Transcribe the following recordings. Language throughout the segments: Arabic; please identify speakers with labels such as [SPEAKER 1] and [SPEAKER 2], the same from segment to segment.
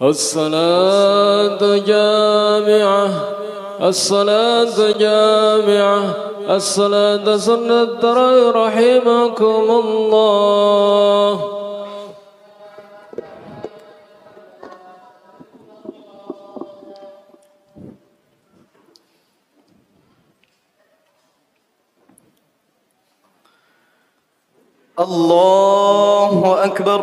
[SPEAKER 1] الصلاة جامعة الصلاة جامعة الصلاة سنة رحمكم الله
[SPEAKER 2] الله أكبر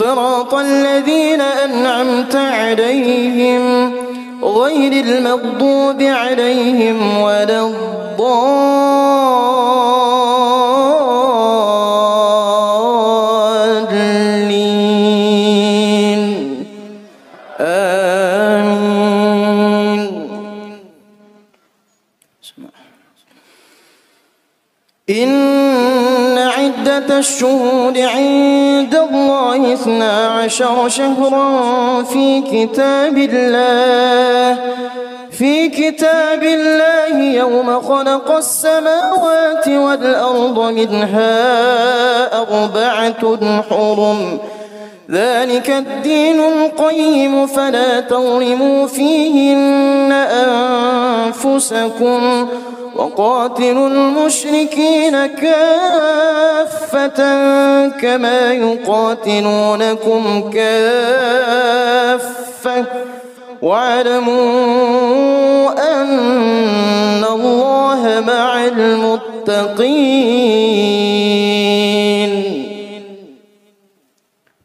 [SPEAKER 3] صراط الذين أنعمت عليهم غير المغضوب عليهم ولا الضالين آمين إن عدة الشهود عند اثنا عشر شهرا في كتاب الله في كتاب الله يوم خلق السماوات والأرض منها أربعة حرم ذلك الدين القيم فلا تظلموا فيهن أنفسكم وقاتلوا المشركين كافة كما يقاتلونكم كافة واعلموا أن الله مع المتقين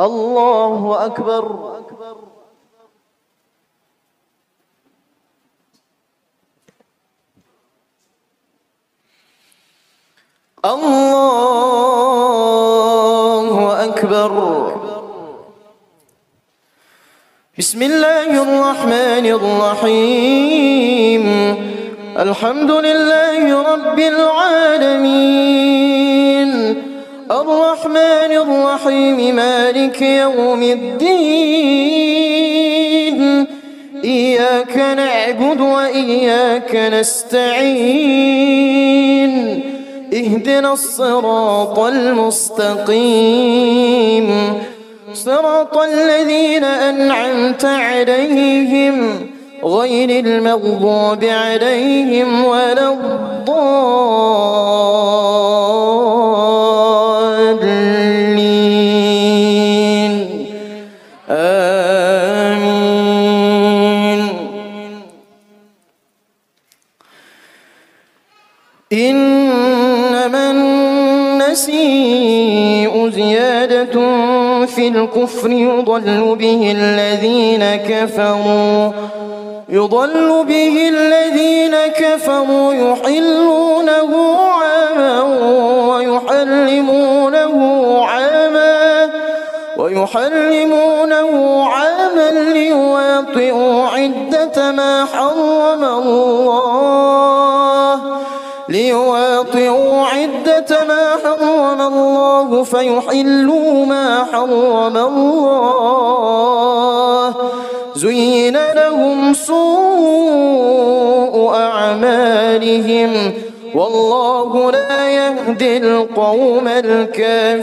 [SPEAKER 2] الله أكبر الله
[SPEAKER 3] أكبر بسم الله الرحمن الرحيم الحمد لله رب العالمين الرحمن الرحيم مالك يوم الدين إياك نعبد وإياك نستعين اهدنا الصراط المستقيم صراط الذين أنعمت عليهم غير المغضوب عليهم ولا الضالين الكفر يضل به الذين كفروا يضل به الذين كفروا يحلونه عاما ويحرمونه عاما ويحرمونه عاما ليواطئوا عدة ما حرم الله ليواطئوا مَا حرم الله فيحلوا ما حرم الله زين لهم سوء أعمالهم والله لا يهدي القوم الكافرين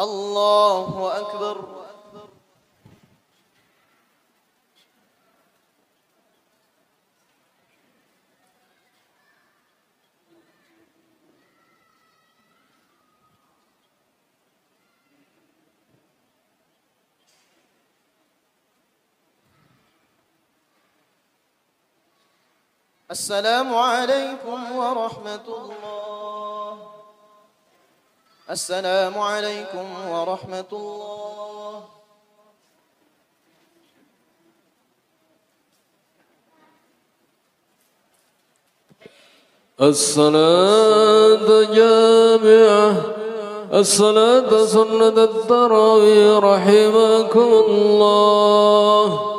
[SPEAKER 2] الله أكبر
[SPEAKER 3] السلام عليكم ورحمة الله السلام عليكم ورحمة الله
[SPEAKER 1] الصلاة جامعة الصلاة سنة التراوي رحمكم الله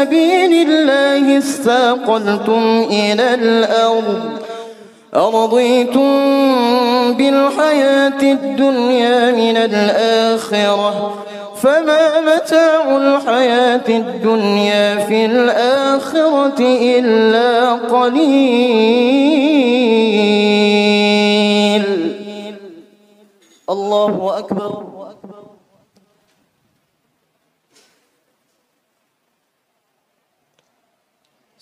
[SPEAKER 3] سبيل الله استاقلتم إلى الأرض أرضيتم بالحياة الدنيا من الآخرة فما متاع الحياة الدنيا في الآخرة
[SPEAKER 2] إلا قليل الله أكبر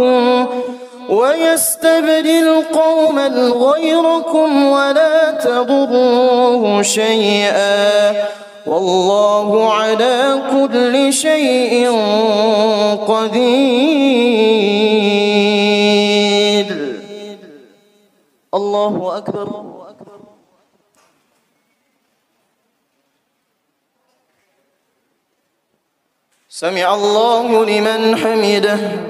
[SPEAKER 3] غيركم ويستبدل قوما غيركم ولا تضروه شيئا والله على كل شيء
[SPEAKER 2] قدير الله أكبر سمع الله لمن حمده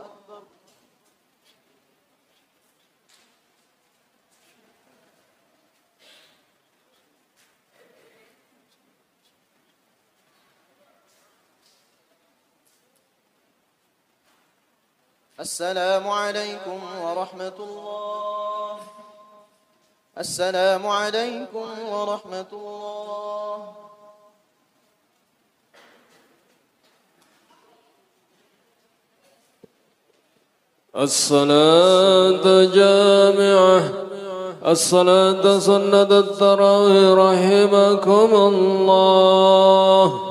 [SPEAKER 3] السلام عليكم ورحمة الله السلام عليكم ورحمة الله
[SPEAKER 1] الصلاة جامعة الصلاة سنة التراويح رحمكم الله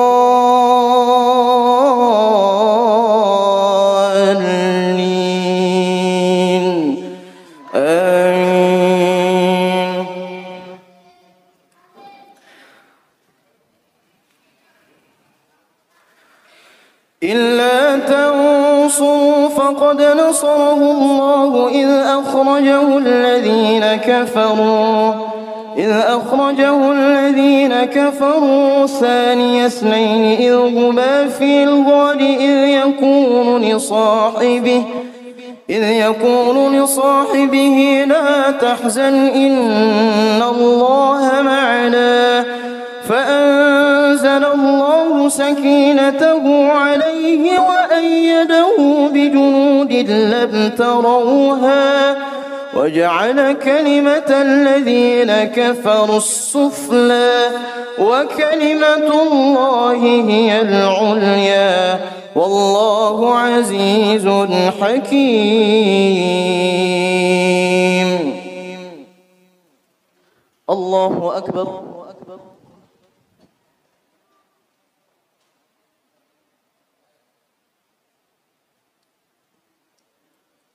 [SPEAKER 3] أخرجه الذين كفروا إذ أخرجه الذين كفروا ثاني اثنين إذ هما في الغار إذ يقول لصاحبه إذ يقول لصاحبه لا تحزن إن الله معنا فأنزل الله سكينته عليه وأيده بجنود لم تروها وجعل كلمة الذين كفروا السفلى وكلمة الله هي العليا والله عزيز
[SPEAKER 2] حكيم الله أكبر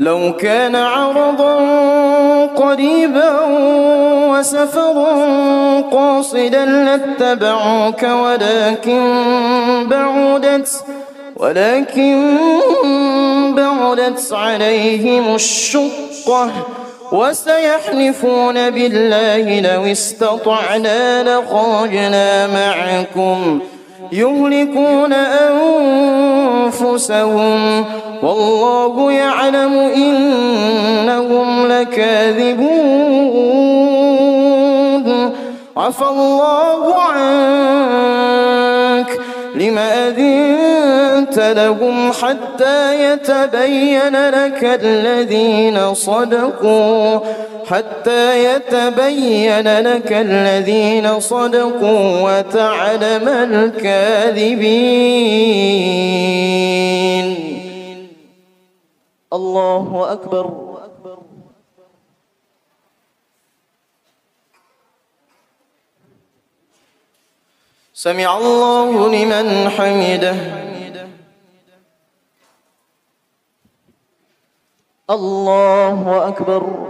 [SPEAKER 3] لو كان عرضا قريبا وسفرا قاصدا لاتبعوك ولكن بعدت ولكن بعدت عليهم الشقة وسيحلفون بالله لو استطعنا لخرجنا معكم يهلكون أنفسهم والله يعلم إنهم لكاذبون عفى الله عنك لما أذنت لهم حتى يتبين لك الذين صدقوا حتى يتبين لك الذين صدقوا وتعلم الكاذبين
[SPEAKER 2] الله أكبر
[SPEAKER 3] سمع الله لمن حمده
[SPEAKER 2] الله أكبر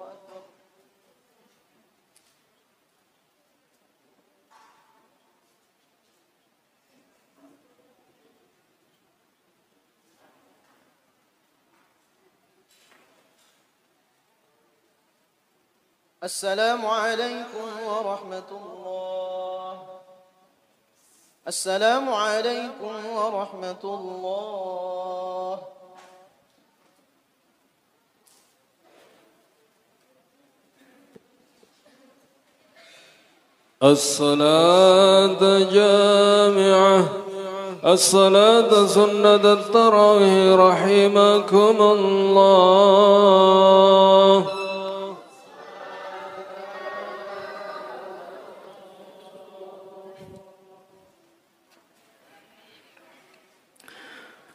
[SPEAKER 3] السلام عليكم ورحمة الله السلام عليكم ورحمة الله
[SPEAKER 1] الصلاة جامعة الصلاة سنة التراويح رحمكم الله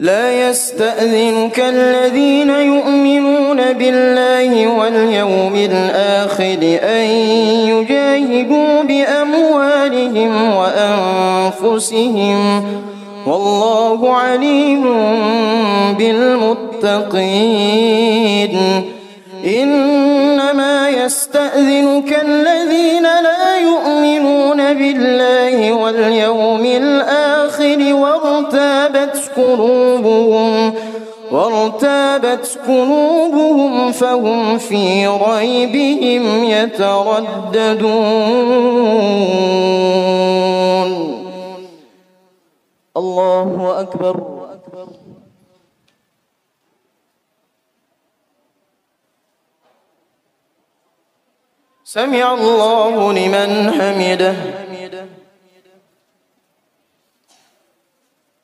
[SPEAKER 3] لا يستأذنك الذين يؤمنون بالله واليوم الآخر أن يجاهدوا بأموالهم وأنفسهم والله عليم بالمتقين إنما يستأذنك الذين قلوبهم وارتابت قلوبهم فهم في ريبهم يترددون
[SPEAKER 2] الله أكبر سمع الله لمن حمده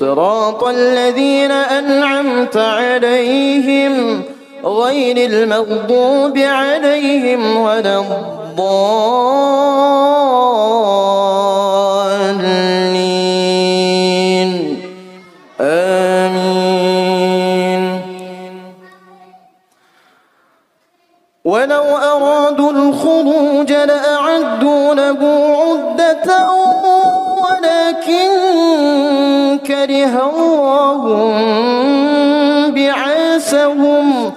[SPEAKER 3] صراط الذين أنعمت عليهم غير المغضوب عليهم ولا الضالين آمين ولو أرادوا الخروج لأعدوا له عدة ولكن كره الله بعاسهم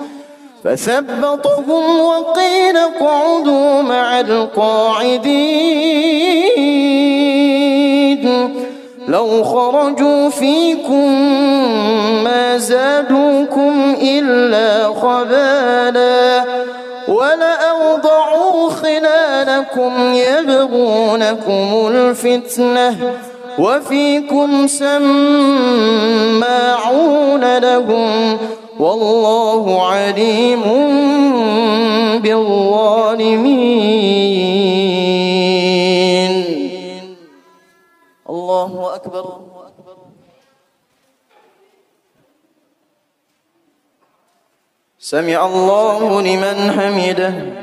[SPEAKER 3] فثبطهم وقيل اقعدوا مع القاعدين لو خرجوا فيكم ما زادوكم إلا خبالا ولأوضعوا خلالكم يبغونكم الفتنة وفيكم سماعون لهم والله عليم بالظالمين
[SPEAKER 2] الله أكبر
[SPEAKER 3] سمع الله لمن حمده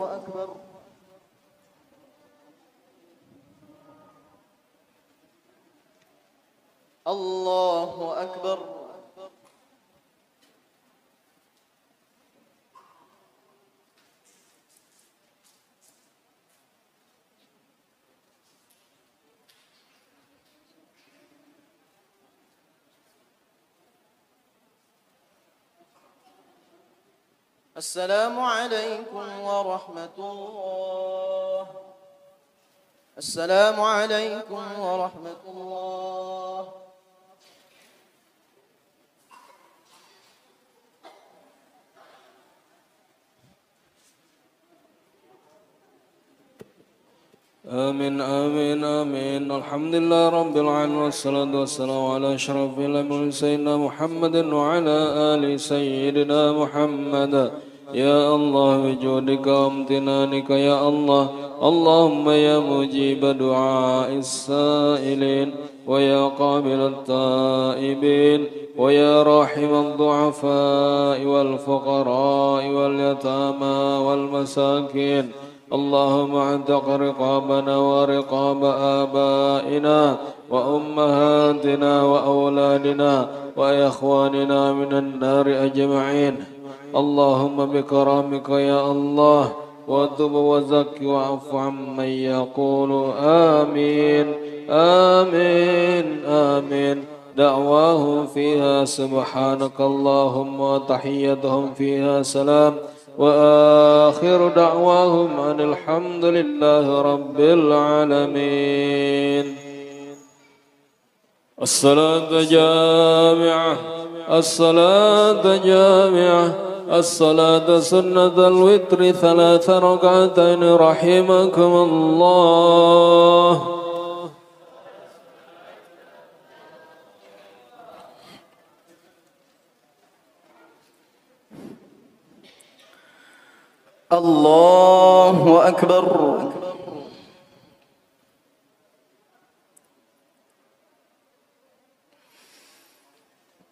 [SPEAKER 3] السلام عليكم ورحمة الله السلام عليكم ورحمة الله
[SPEAKER 1] آمين آمين آمين الحمد لله رب العالمين والصلاة والسلام على أشرف الأنبياء سيدنا محمد وعلى آل سيدنا محمد يا الله بجودك وامتنانك يا الله اللهم يا مجيب دعاء السائلين ويا قابل التائبين ويا راحم الضعفاء والفقراء واليتامى والمساكين اللهم اعتق رقابنا ورقاب آبائنا وأمهاتنا وأولادنا وإخواننا من النار أجمعين اللهم بكرامك يا الله وتب وزك واعف عمن يقول آمين آمين آمين دعواهم فيها سبحانك اللهم وتحيتهم فيها سلام وآخر دعواهم أن الحمد لله رب العالمين الصلاة جامعة الصلاة جامعة الصلاة سنة الوتر ثلاث ركعتين رحمكم الله
[SPEAKER 2] الله أكبر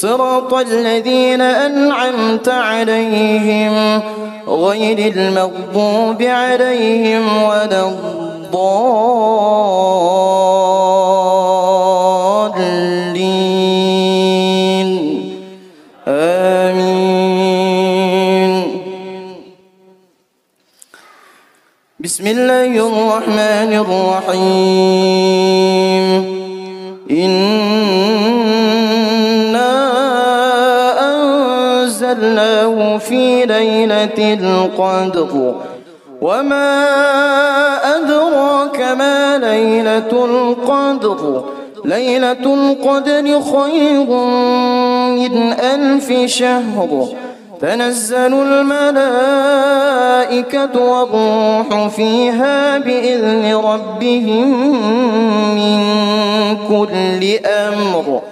[SPEAKER 3] صراط الذين أنعمت عليهم غير المغضوب عليهم ولا الضالين آمين بسم الله الرحمن الرحيم إن أنزلناه في ليلة القدر وما أدراك ما ليلة القدر ليلة القدر خير من ألف شهر تنزل الملائكة والروح فيها بإذن ربهم من كل أمر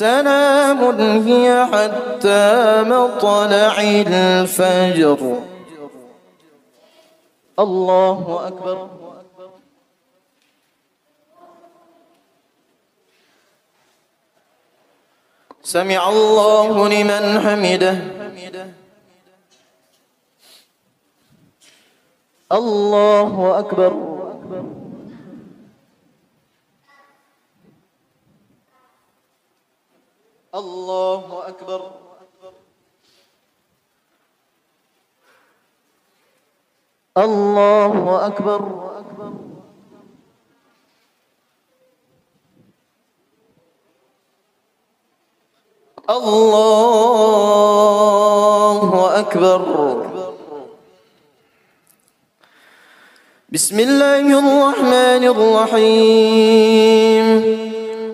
[SPEAKER 3] سلام هي حتى مطلع
[SPEAKER 2] الفجر الله أكبر
[SPEAKER 3] سمع الله لمن حمده
[SPEAKER 2] الله أكبر الله أكبر الله أكبر الله أكبر
[SPEAKER 3] بسم الله الرحمن الرحيم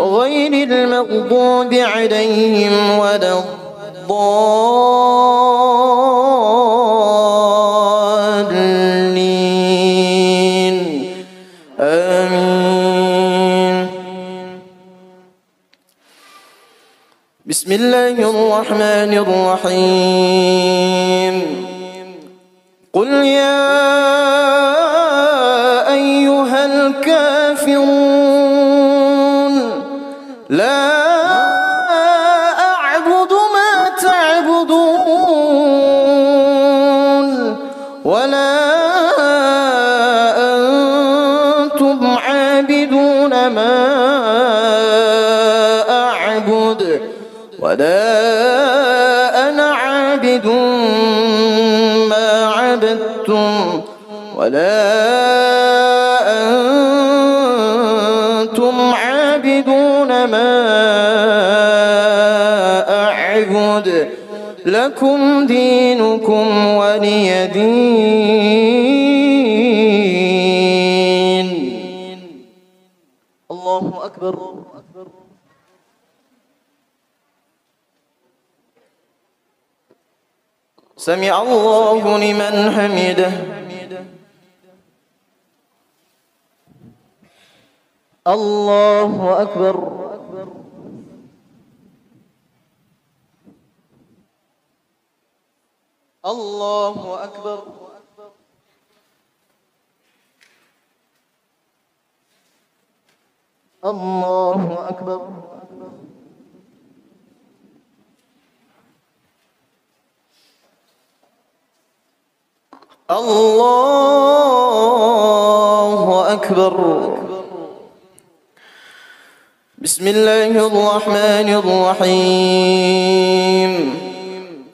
[SPEAKER 3] غير المغضوب عليهم ولا الضالين آمين بسم الله الرحمن الرحيم قل يا أيها الكافرون لكم دينكم ولي دين
[SPEAKER 2] الله أكبر سمع الله لمن حمده الله أكبر الله أكبر الله أكبر الله
[SPEAKER 3] أكبر بسم الله الرحمن الرحيم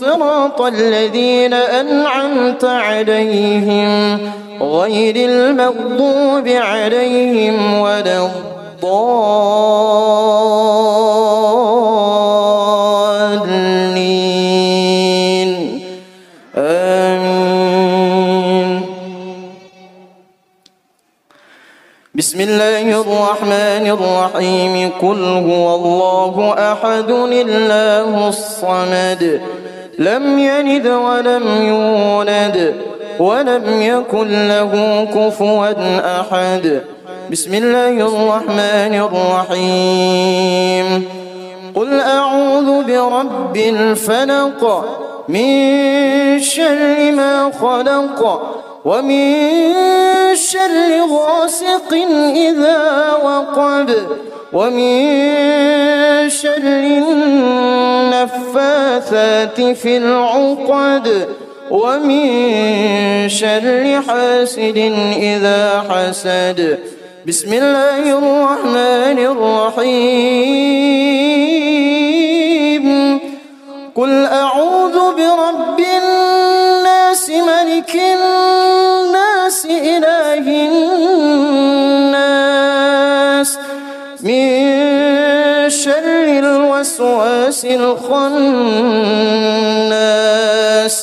[SPEAKER 3] صراط الذين أنعمت عليهم غير المغضوب عليهم ولا الضالين آمين بسم الله الرحمن الرحيم قل هو الله أحد الله الصمد لم يلد ولم يولد ولم يكن له كفوا أحد بسم الله الرحمن الرحيم قل أعوذ برب الفلق من شر ما خلق ومن شر غاسق إذا وقب ومن شر النفاثات في العقد ومن شر حاسد إذا حسد بسم الله الرحمن الرحيم قل أعوذ برب الناس ملك الناس يوسوس الخناس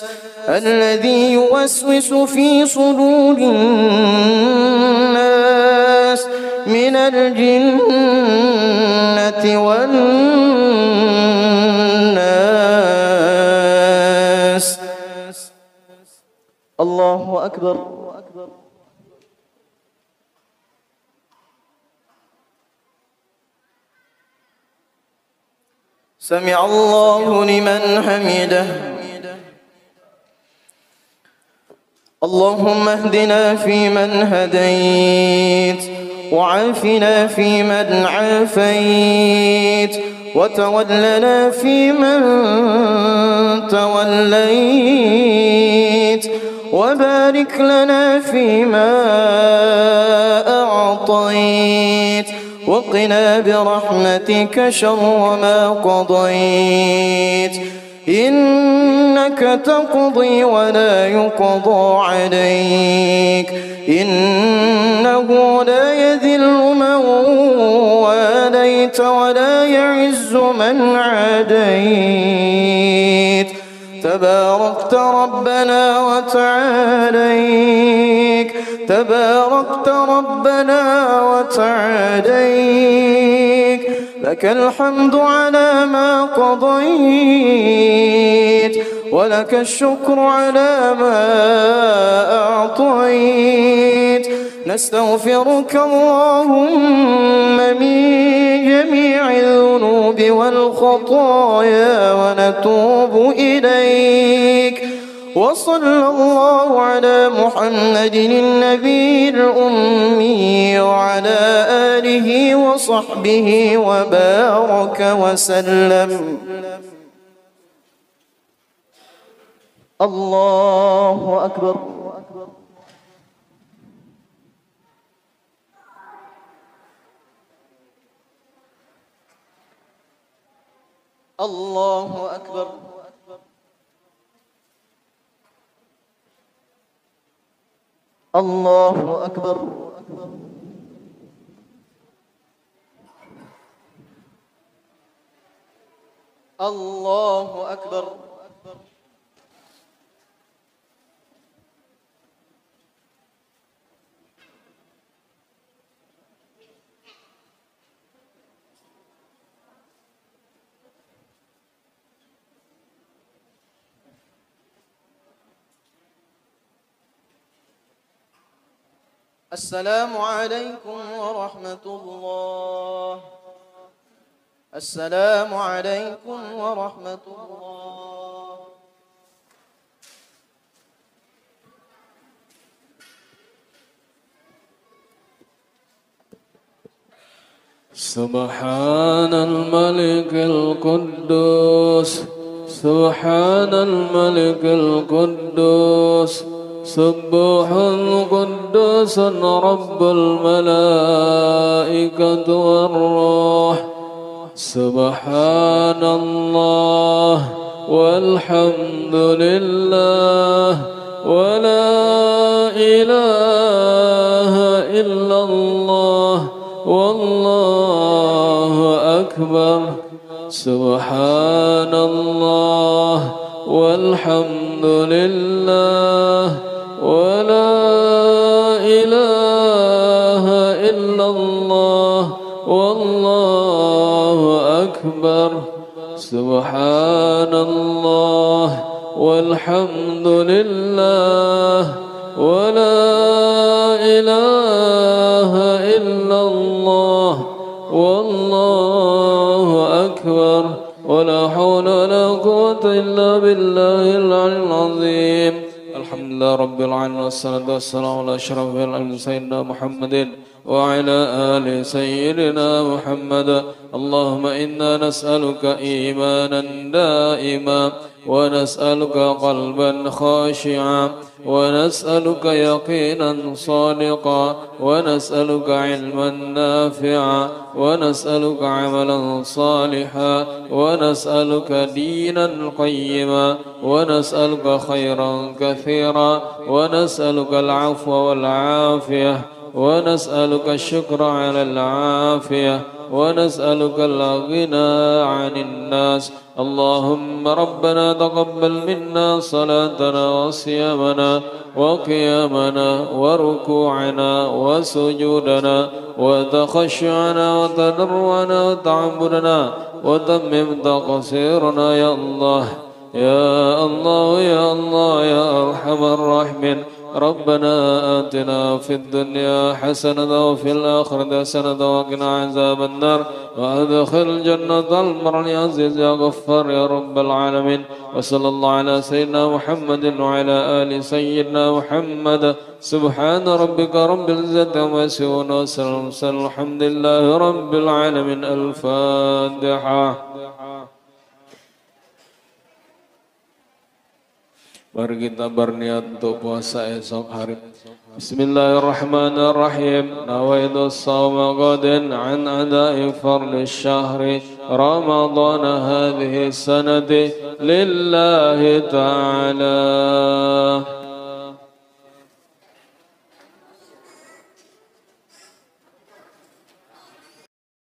[SPEAKER 3] الذي يوسوس في صدور الناس من الجنة والناس
[SPEAKER 2] الله أكبر
[SPEAKER 3] سمع الله لمن حمده اللهم اهدنا فيمن هديت وعافنا فيمن عافيت وتولنا فيمن توليت وبارك لنا فيما أعطيت وقنا برحمتك شر ما قضيت إنك تقضي ولا يقضى عليك إنه لا يذل من واليت ولا يعز من عاديت تباركت ربنا وتعاليت تباركت ربنا وتعاليك لك الحمد على ما قضيت ولك الشكر على ما أعطيت نستغفرك اللهم من جميع الذنوب والخطايا ونتوب إليك وصلى الله على محمد النبي الأمي وعلى آله وصحبه وبارك وسلم
[SPEAKER 2] الله أكبر الله أكبر الله أكبر الله أكبر
[SPEAKER 3] السلام عليكم ورحمة الله السلام عليكم ورحمة
[SPEAKER 2] الله
[SPEAKER 1] سبحان الملك القدوس سبحان الملك القدوس سبوح قدوس رب الملائكة والروح سبحان الله والحمد لله ولا إله إلا الله والله أكبر سبحان الله والحمد لله ولا إله إلا الله والله أكبر سبحان الله والحمد لله ولا إله إلا الله ولا حول ولا قوة إلا بالله العلي العظيم الحمد لله رب العالمين والصلاة والسلام على أشرف الأنبياء سيدنا محمد وعلى آل سيدنا محمد اللهم إنا نسألك إيمانا دائما ونسألك قلبا خاشعا ونسألك يقينا صادقا ونسألك علما نافعا ونسألك عملا صالحا ونسألك دينا قيما ونسألك خيرا كثيرا ونسألك العفو والعافية ونسألك الشكر على العافية ونسألك الغنى عن الناس اللهم ربنا تقبل منا صلاتنا وصيامنا وقيامنا وركوعنا وسجودنا وتخشعنا وتضرعنا وتعبدنا وتمم تقصيرنا يا الله يا الله يا الله يا أرحم الراحمين ربنا آتنا في الدنيا حسنة وفي الآخرة حسنة وقنا عذاب النار وأدخل الجنة المر يا عزيز يا غفار يا رب العالمين وصلى الله على سيدنا محمد وعلى آل سيدنا محمد سبحان ربك رب العزة عما يصفون وسلم الحمد لله رب العالمين الفاتحة Mari kita berniat untuk puasa esok hari. Bismillahirrahmanirrahim. Nawaitu sawma qadin an adai farli syahri Ramadhan hadhi sanati lillahi ta'ala.